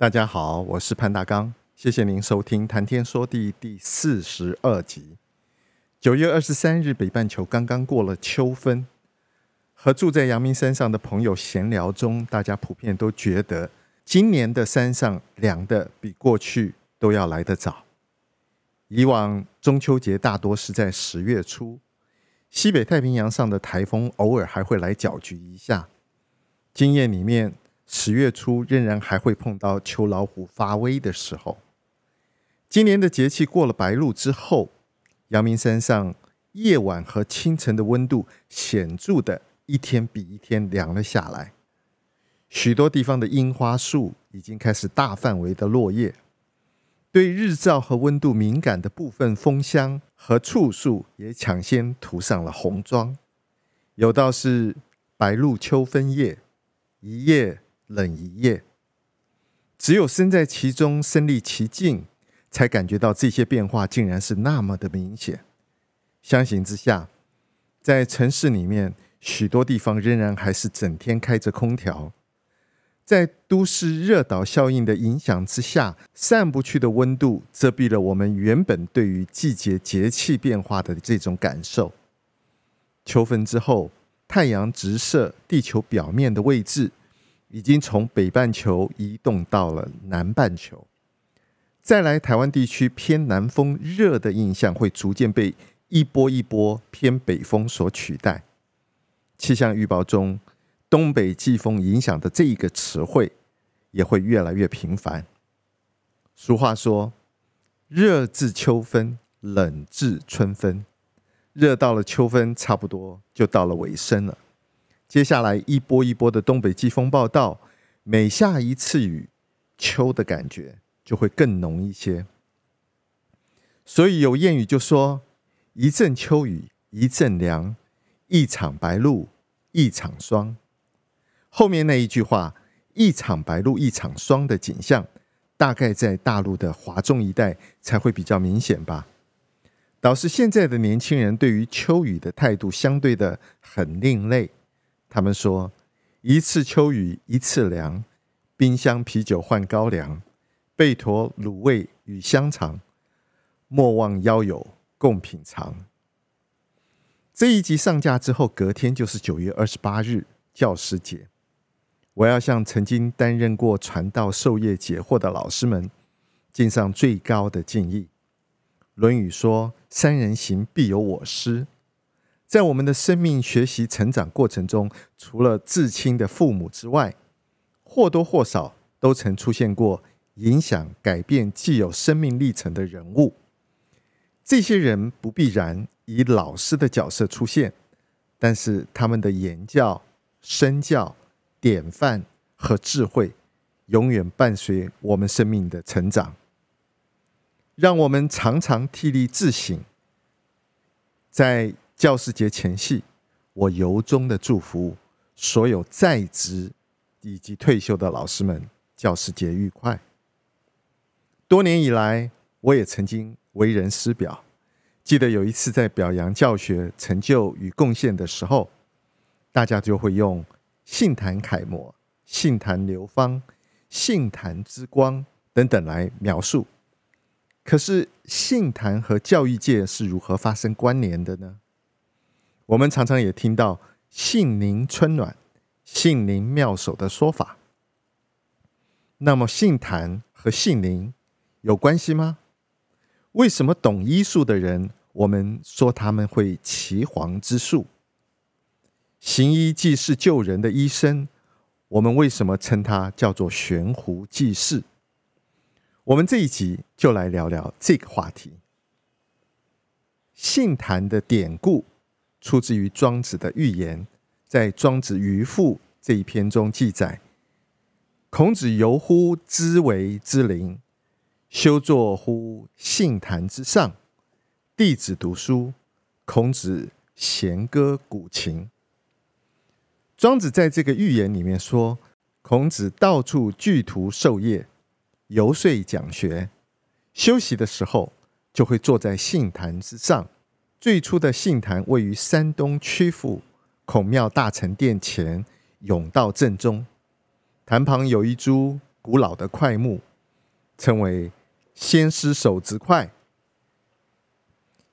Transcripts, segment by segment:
大家好，我是潘大剛，謝謝您收聽《談天說地》第四十二集。九月二十三日，北半球剛剛過了秋分。和住在陽明山上的朋友閒聊中，大家普遍都覺得，今年的山上涼的比過去都要來得早。以往中秋節大多是在十月初，西北太平洋上的台風偶爾還會來攪局一下。經驗裡面。十月初仍然還會碰到秋老虎發威的時候。今年的節氣過了白露之後，陽明山上夜晚和清晨的溫度顯著的一天比一天涼了下來。許多地方的櫻花樹已經開始大範圍的落葉，對日照和溫度敏感的部分楓香和槭樹也搶先塗上了紅妝。有道是白露秋分夜，一夜。冷一夜，只有身在其中、身歷其境，才感覺到這些變化竟然是那麼的明顯。相形之下，在城市裡面，許多地方仍然還是整天開着空調。在都市熱島效應的影響之下，散不去的溫度遮蔽了我們原本對於季節節氣變化的這種感受。秋分之後，太陽直射地球表面的位置，已經從北半球移動到了南半球，再來台灣地區偏南風熱的印象會逐漸被一波一波偏北風所取代。氣象預報中“東北季風”影響的這一個詞彙也會越來越頻繁。俗話說：“熱至秋分，冷至春分。”熱到了秋分，差不多就到了尾聲了。接下來一波一波的東北季風報到，每下一次雨，秋的感覺就會更濃一些。所以有諺語就說：“一陣秋雨，一陣涼；一場白露，一場霜。”後面那一句話，“一場白露，一場霜”的景象，大概在大陸的華中一帶才會比較明顯吧。倒是現在的年輕人對於秋雨的態度，相對的很另類。他們說：“一次秋雨一次涼，冰箱啤酒換高粱，備妥滷味與香腸，莫忘邀友共品嘗。”這一集上架之後，隔天就是九月二十八日教師節，我要向曾經擔任過傳道授業解惑的老師們，敬上最高的敬意。《論語》說：“三人行，必有我師。”在我們的生命學習成長過程中，除了至親的父母之外，或多或少都曾出現過影響、改變既有生命歷程的人物。這些人不必然以老師的角色出現，但是他們的言教、身教、典範和智慧，永遠伴隨我們生命的成長，讓我們常常惕厲自省。在。教師節前夕，我由衷的祝福所有在職以及退休的老師們，教師節愉快。多年以來，我也曾經為人師表。記得有一次在表揚教學成就與貢獻的時候，大家就會用“杏壇楷模”“杏壇流芳”“杏壇之光”等等來描述。可是，杏壇和教育界是如何發生關聯的呢？我們常常也聽到“杏林春暖，杏林妙手”的說法。那麼，杏壇和杏林有關係嗎？為什麼懂醫術的人，我們說他們會岐黃之術？行醫濟世救人的醫生，我們為什麼稱他叫做懸壺濟世？我們這一集就來聊聊這個話題——杏壇的典故。出自於莊子的寓言，在《莊子·漁父》這一篇中記載：孔子遊乎緇帷之林，休坐乎杏壇之上。弟子讀書，孔子弦歌鼓琴。莊子在這個寓言裡面說，孔子到處聚徒授業，遊說講學，休息的時候就會坐在杏壇之上。最初的杏壇位於山東曲阜孔廟大成殿前甬道正中，壇旁有一株古老的檜木，稱為“先師手植檜”。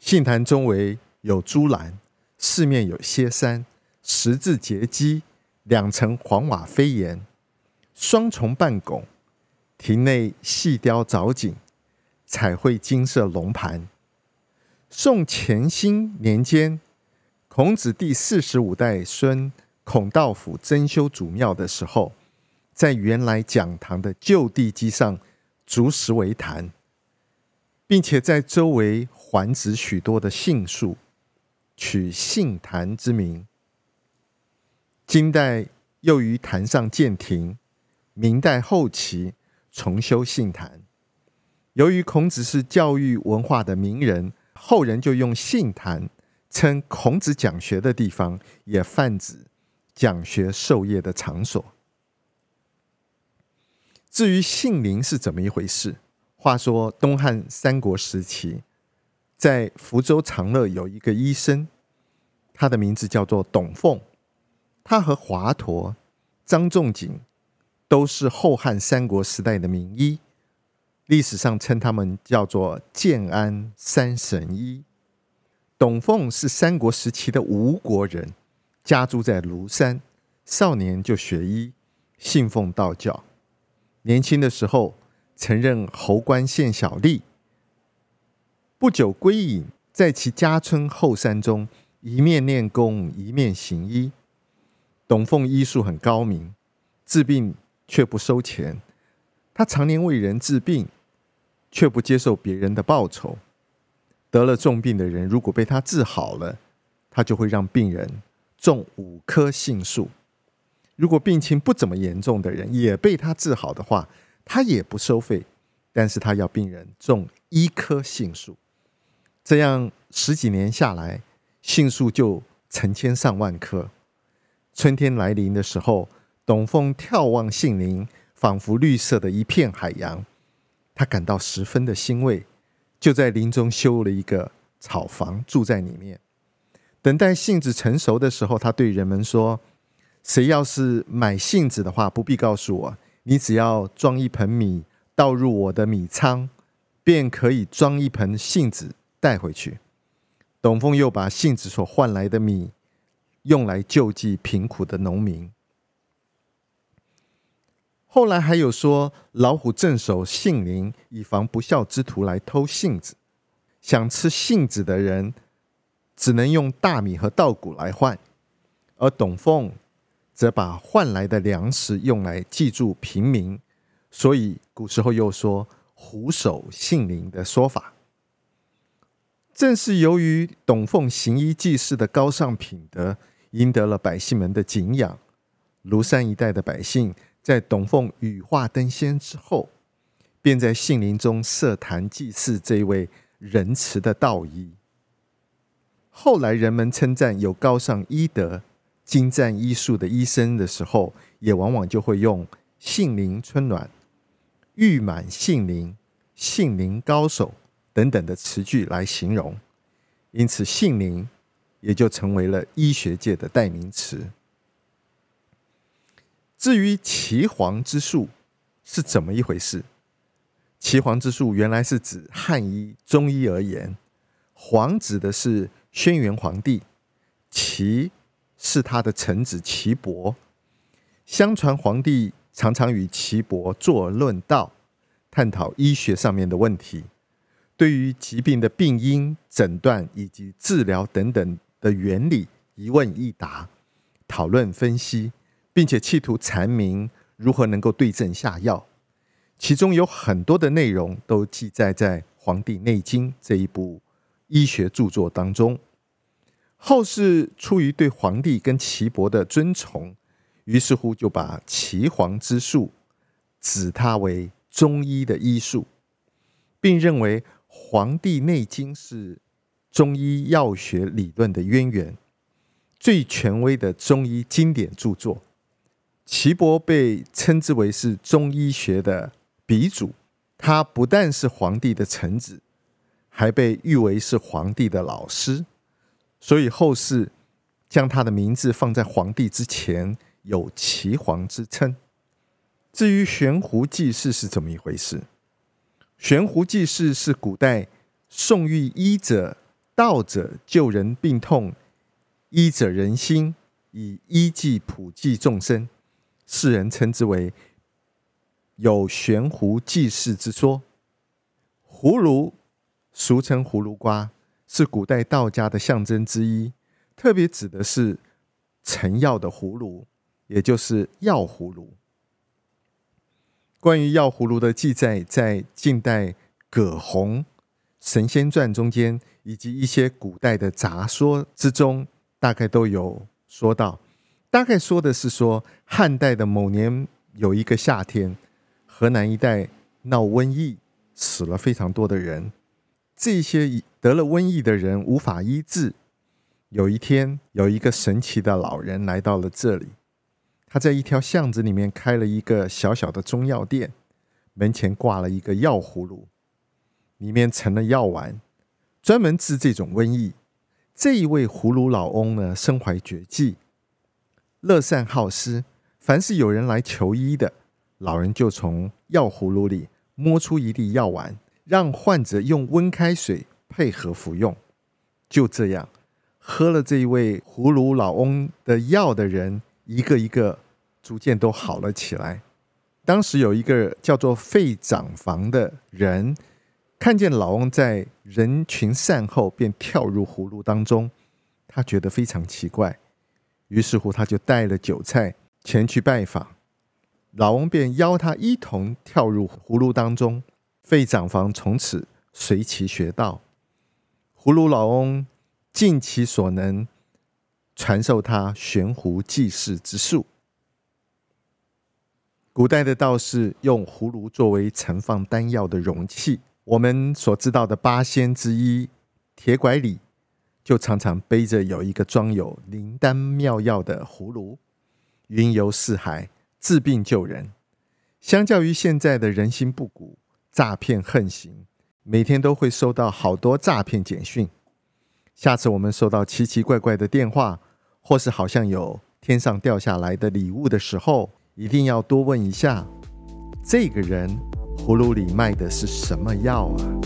杏壇周圍有朱欄，四面有歇山十字結基，兩層黃瓦飛檐，雙重半拱。亭內細雕藻井，彩繪金色龍盤。宋乾興年間，孔子第四十五代孫孔道輔，增修祖廟的時候，在原來講堂的舊地基上築石為壇，並且在周圍環植許多的杏樹，取杏壇之名。金代又於壇上建亭，明代後期重修杏壇。由於孔子是教育文化的名人。後人就用杏壇稱孔子講學的地方，也泛指講學授業的場所。至於杏林是怎麼一回事？話說東漢三國時期，在福州長樂有一個醫生，他的名字叫做董奉。他和華佗、張仲景都是後漢三國時代的名醫。歷史上稱他們叫做建安三神醫。董奉是三國時期的吳國人，家住在廬山，少年就學醫，信奉道教。年輕的時候曾任侯官縣小吏，不久歸隱，在其家村後山中，一面練功，一面行醫。董奉醫術很高明，治病卻不收錢，他常年為人治病。卻不接受別人的報酬。得了重病的人，如果被他治好了，他就會讓病人種五棵杏樹；如果病情不怎麼嚴重的人也被他治好的話，他也不收費，但是他要病人種一棵杏樹。這樣十幾年下來，杏樹就成千上萬棵。春天來臨的時候，董奉眺望杏林，仿佛綠色的一片海洋。他感到十分的欣慰，就在林中修了一個草房，住在裡面，等待杏子成熟的時候，他對人們說：“誰要是買杏子的話，不必告訴我，你只要裝一盆米倒入我的米倉，便可以裝一盆杏子帶回去。”董奉又把杏子所換來的米用來救濟貧苦的農民。後來還有說，老虎鎮守杏林，以防不肖之徒來偷杏子。想吃杏子的人，只能用大米和稻穀來換。而董奉則把換來的糧食用來濟助貧民，所以古時候又說“虎守杏林”的說法。正是由於董奉行醫濟世的高尚品德，贏得了百姓們的敬仰。廬山一帶的百姓。在董奉羽化登仙之後，便在杏林中設壇祭祀這位仁慈的道醫。後來人們稱讚有高尚醫德、精湛醫術的醫生的時候，也往往就會用“杏林春暖”“譽滿杏林”“杏林高手”等等的詞句來形容。因此，杏林也就成為了醫學界的代名詞。至於岐黃之術是怎麼一回事？岐黃之術原來是指漢醫、中醫而言。黃指的是軒轅黃帝，岐是他的臣子岐伯。相傳黃帝常常與岐伯做論道，探討醫學上面的問題，對於疾病的病因、診斷以及治療等等的原理，一問一答，討論分析。並且企圖闡明如何能夠對症下藥，其中有很多的內容都記載在《黃帝內經》這一部醫學著作當中。後世出於對黃帝跟岐伯的尊崇，於是乎就把岐黃之術指他為中醫的醫術，並認為《黃帝內經》是中醫藥學理論的淵源，最權威的中醫經典著作。岐伯被稱之為是中醫學的鼻祖，他不但是黃帝的臣子，還被譽為是黃帝的老師，所以後世將他的名字放在黃帝之前，有岐黃之稱。至於懸壺濟世是怎麼一回事？懸壺濟世是古代頌譽醫者，道者救人病痛，醫者仁心，以醫濟普濟眾生。世人稱之為“有懸壺濟世之說”。葫蘆，俗稱葫蘆瓜，是古代道家的象徵之一，特別指的是盛藥的葫蘆，也就是藥葫蘆。關於藥葫蘆的記載，在近代葛洪《神仙傳》中間，以及一些古代的雜說之中，大概都有說到。大概說的是說漢代的某年有一個夏天，河南一帶鬧瘟疫，死了非常多的人。這些得了瘟疫的人無法醫治。有一天，有一個神奇的老人來到了這裡，他在一條巷子裡面開了一個小小的中藥店，門前掛了一個藥葫蘆，裡面盛了藥丸，專門治這種瘟疫。這一位葫蘆老翁呢，身懷絕技。樂善好施，凡是有人來求醫的，老人就從藥葫蘆裡摸出一粒藥丸，讓患者用溫開水配合服用。就這樣，喝了這一位葫蘆老翁的藥的人，一個一個逐漸都好了起來。當時有一個叫做費長房的人，看見老翁在人群散後便跳入葫蘆當中，他覺得非常奇怪。於是乎，他就帶了酒菜前去拜訪，老翁便邀他一同跳入葫蘆當中。費長房從此隨其學道，葫蘆老翁盡其所能傳授他懸壺濟世之術。古代的道士用葫蘆作為盛放丹藥的容器。我們所知道的八仙之一，鐵拐李。就常常背着有一個裝有靈丹妙藥的葫蘆，雲遊四海，治病救人。相較於現在的人心不古，詐騙橫行，每天都會收到好多詐騙簡訊。下次我們收到奇奇怪怪的電話，或是好像有天上掉下來的禮物的時候，一定要多問一下，這個人葫蘆裡賣的是什麼藥啊？